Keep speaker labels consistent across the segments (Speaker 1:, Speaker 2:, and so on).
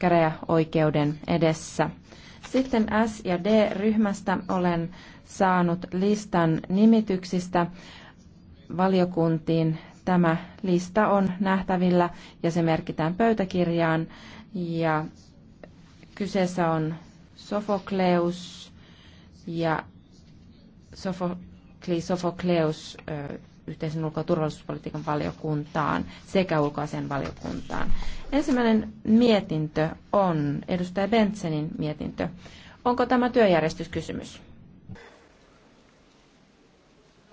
Speaker 1: käräjäoikeuden edessä. Sitten S- ja D-ryhmästä olen saanut listan nimityksistä valiokuntiin. Tämä lista on nähtävillä ja se merkitään pöytäkirjaan. Ja kyseessä on Sofokleus ja Sofokli Sofokleus yhteisen ulko- ja turvallisuuspolitiikan valiokuntaan sekä ulkoasian valiokuntaan. Ensimmäinen mietintö on edustaja Bentsenin mietintö. Onko tämä työjärjestyskysymys?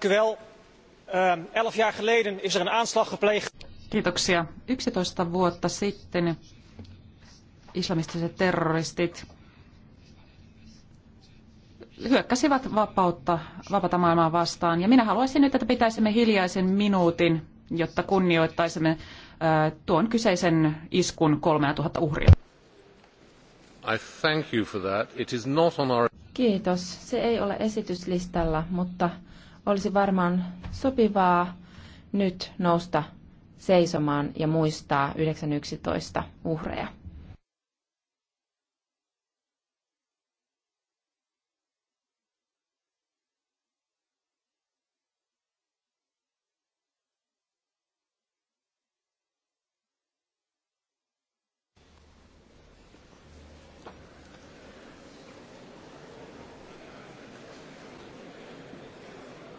Speaker 2: Eh, er Kiitoksia.
Speaker 3: 11 vuotta sitten islamistiset terroristit hyökkäsivät vapautta, vapaata maailmaa vastaan. Ja minä haluaisin nyt, että pitäisimme hiljaisen minuutin, jotta kunnioittaisimme tuon kyseisen iskun 3000
Speaker 4: uhria. I thank you for that. It is not on our...
Speaker 1: Kiitos. Se ei ole esityslistalla, mutta olisi varmaan sopivaa nyt nousta seisomaan ja muistaa 911 uhreja.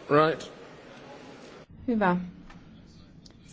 Speaker 4: Right. Hyvä.